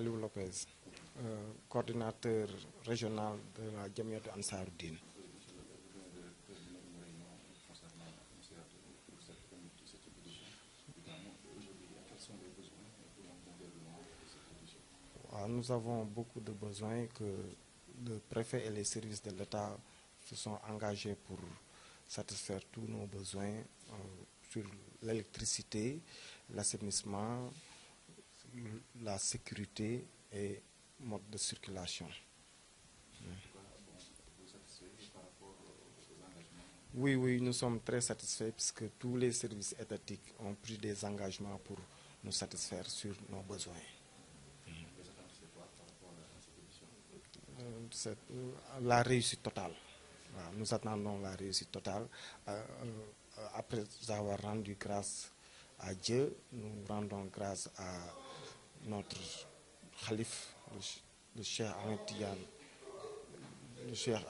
Lopez, euh, coordinateur régional de la de Nous avons beaucoup de besoins que le préfet et les services de l'État se sont engagés pour satisfaire tous nos besoins euh, sur l'électricité, l'assainissement, la sécurité et mode de circulation. Oui, oui, nous sommes très satisfaits puisque tous les services étatiques ont pris des engagements pour nous satisfaire sur nos besoins. Euh, euh, la réussite totale. Nous attendons la réussite totale. Euh, après avoir rendu grâce à Dieu, nous rendons grâce à notre khalif, le, le Amitian, le cher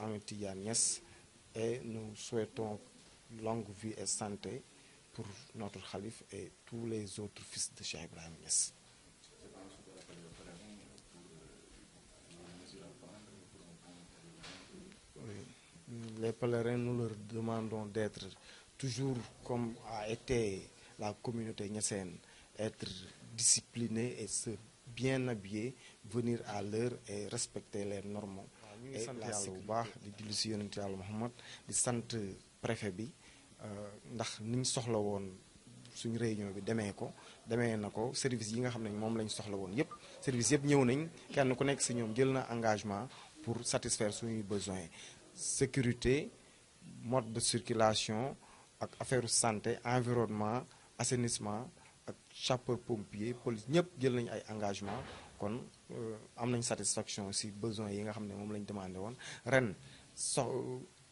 yes, et nous souhaitons longue vie et santé pour notre khalif et tous les autres fils de Cheikh Ibrahim yes. les pèlerins, nous leur demandons d'être toujours comme a été la communauté niassienne, être discipliner et se bien habiller venir à l'heure et respecter les normes et di bi euh, ndax réunion bi service yi nga lañ service ñëw nañ kenn ku nekk engagement pour satisfaire nos besoins sécurité mode de circulation ak affaire santé environnement assainissement ak sapeur pompier police ñëpp jël nañu ay engagement kon euh, am nañ satisfaction si besoin yi nga xam ne moom lañu demande woon ren sox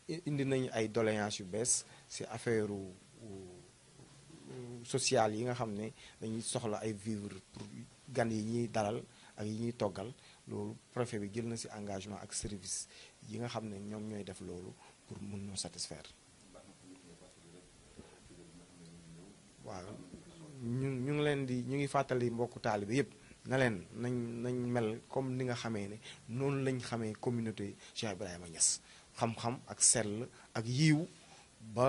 indi nañu ay doléances yu bees si affaire sociale yi nga xam ne dañuy soxla ay vivre pour gan yi ñuy dalal ak yi ñuy toggal loolu préfet bi jël na si engagement ak service yi nga xam ne ñoom ñooy def loolu pour mun ñoo satisfaire waaw ñu ñu ngi leen di ñu ngi fàttali mbokku taalibe yépp na leen nañ nañ mel comme ni nga xamee ne noonu lañ xamee communauté Cheikh Ibrahima Niass xam-xam ak sell ak yiw ba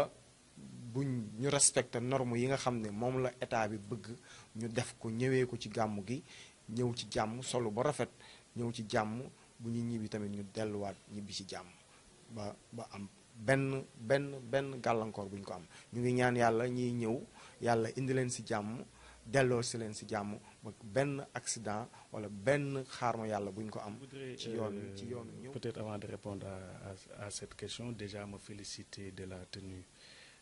buñ ñu respecté norme yi nga xam ne moom la état bi bëgg ñu def ko ñëwee ko ci gàmm gi ñëw ci jàmm solo ba rafet ñëw ci jàmm bu ñu ñibbi tamit ñu delluwaat ñibbi ci jàmm ba ba am ben ben ben gàllankoor buñ ko am ñu ngi ñaan yalla ñi ñew yalla indi leen ci jamm delo ci leen ci jamm ba ben accident wala ben xaarma yàlla bu ñu ko am. ci yoon euh, ci yoon ñëw peut-être avant de répondre à, à, cette question déjà me féliciter de la tenue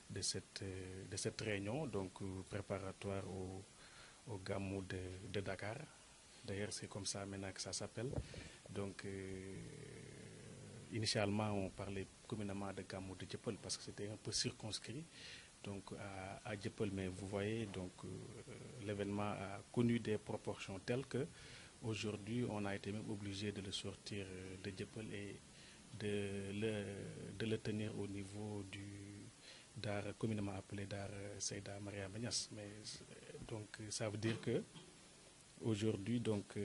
de cette euh, de cette réunion donc euh, préparatoire au au Gamou de de Dakar d'ailleurs c'est comme ça maintenant que ça s'appelle donc initialement, on parlait communément de Gamou de Djepol parce que c'était un peu circonscrit donc, à, à Mais vous voyez, donc euh, l'événement a connu des proportions telles que aujourd'hui, on a été même obligé de le sortir euh, de Djepol et de le, de le tenir au niveau du d'art communément appelé d'art euh, Seyda Maria Menas. Mais donc ça veut dire que aujourd'hui donc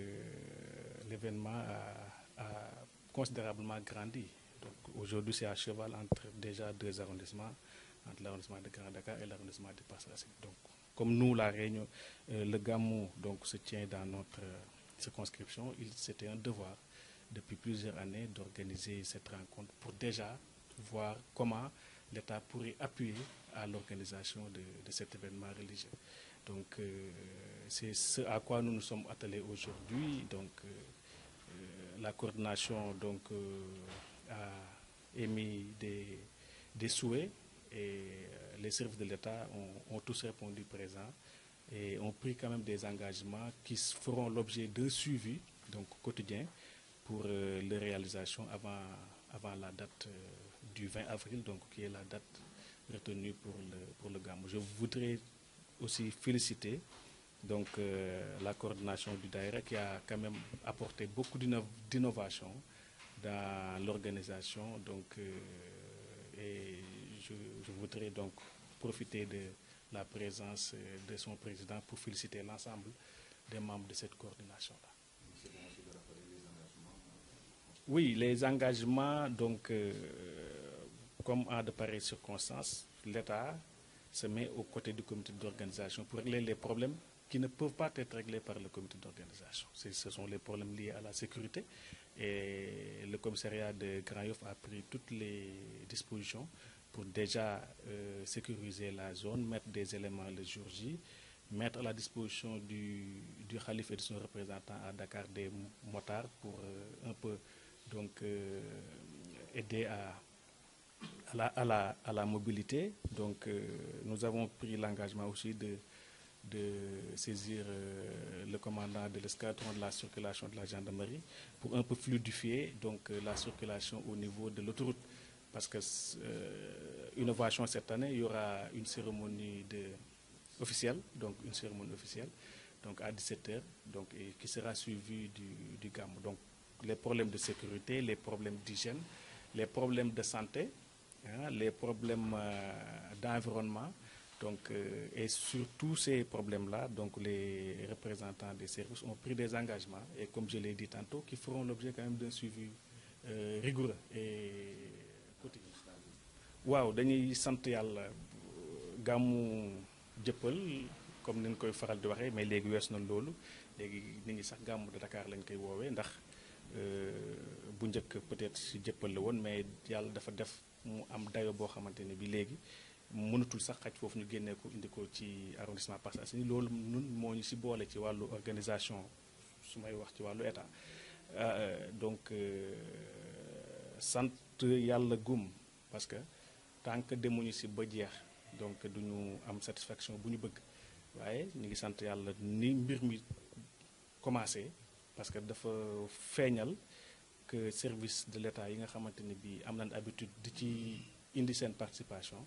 l'événement a considérablement grandi. Aujourd'hui, c'est à cheval entre déjà deux arrondissements, entre l'arrondissement de Grand Dakar et l'arrondissement de Passa. Donc, comme nous, la Réunion, euh, le Gamou donc, se tient dans notre euh, circonscription, circonscription, c'était un devoir depuis plusieurs années d'organiser cette rencontre pour déjà voir comment l'État pourrait appuyer à l'organisation de, cet événement religieux. Donc, euh, c'est ce à quoi nous nous sommes attelés aujourd'hui. Donc, la coordination donc, euh, a émis des, souhaits et euh, les services de l'État ont, tous répondu présents et ont pris quand même des engagements qui feront l'objet de suivi donc quotidien pour euh, les réalisations réalisation avant, avant la date du 20 avril, donc qui est la date retenue pour le, pour le GAM. Je voudrais aussi féliciter donc euh, la coordination du DAERA qui a quand même apporté beaucoup d'innovation dans l'organisation. Donc, euh, et je, voudrais donc profiter de la présence euh, de son président pour féliciter l'ensemble des membres de cette coordination-là. Oui, les engagements, donc, comme à de pareilles circonstances, l'État se met aux côtés du comité d'organisation pour régler les problèmes qui ne peuvent pas être réglés par le comité d'organisation. Ce sont les problèmes liés à la sécurité et le commissariat de Grand a pris toutes les dispositions pour déjà euh, sécuriser la zone, mettre des éléments à jour mettre à la disposition du, du calife et de son représentant à Dakar des motards pour euh, un peu donc euh, aider à, à, la, mobilité. Donc nous avons pris l'engagement aussi de de saisir euh, le commandant de l'escadron de la circulation de la gendarmerie pour un peu fluidifier donc, euh, la circulation au niveau de l'autoroute. Parce que, fois euh, innovation cette année, il y aura une cérémonie de, officielle, donc une cérémonie officielle, donc à 17h, donc, qui sera suivie du, du GAM. Donc, les problèmes de sécurité, les problèmes d'hygiène, les problèmes de santé, hein, les problèmes d'environnement, donc, euh, et sur tous ces problèmes-là, donc les représentants des services ont pris des engagements, et comme je l'ai dit tantôt, qui feront l'objet quand même d'un suivi euh, rigoureux et continu. waaw dañuy sant yàlla gàmmu comme ni koy faral di waxé mais légui wess na lolu légui nit ñi sax gàmmu de Dakar lañ koy wowe ndax euh, bu njëkk peut-être si jëppal la mais yalla dafa def mu am dayo bo xamante ne bi léegi mënatul sax xaj foofu ñu génnee ko indi ko ci arrondissement Parcelles Assainies loolu nun moo ñu si boole ci wàllu organisation su may wax ci wàllu état euh, donc euh, sant yàlla gum parce que tant que demuñu si ba jeex donc duñu am satisfaction bu ñu bëgg waaye ñu ngi sant yàlla ni mbir mi commencé parce que dafa feeñal que service de l'état yi nga xamante ni bi am nañ habitude di ci indi seen participation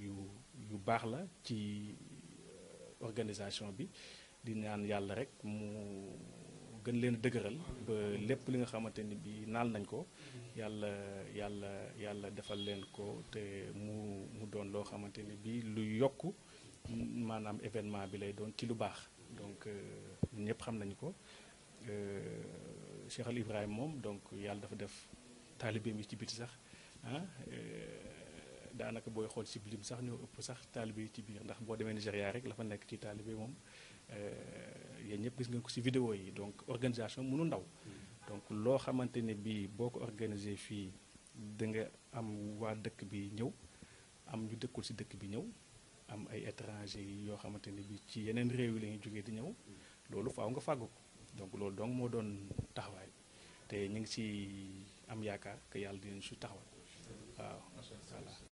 yoo la euh, organisation bi di ñaan yalla rek mu gën leen ba lepp li nga xamanteni bi nañ ko yalla yalla yalla defal leen ko te mu mu doon lo xamanteni bi lu événement bi lay doon ci lu donc euh, ñepp xam nañ ko euh, Cheikh Ali donc yalla dafa def talibé mi ci biti ah daanaka booy xool ci bilim sax ñoo ëpp sax taalibe yi ci biir ndax boo demee Nigéria rek la fa nekk ci taalibe moom euh, yéen ñëpp gis nga ko si vidéo yi donc organisation nu ndaw donc loo xamante ne bii boo ko organisé fii danga am waa dëkk bi ñëw am ñu dëkkul si dëkk bi ñëw am ay étranger yi yoo xamante ne bii ci yeneen réew yi la jógee di ñëw loolu faw nga fàggu ko donc loolu donc moo doon taxawaay te ñu ngi si am yaakaar que yàlla dinañ su taxawal a, la,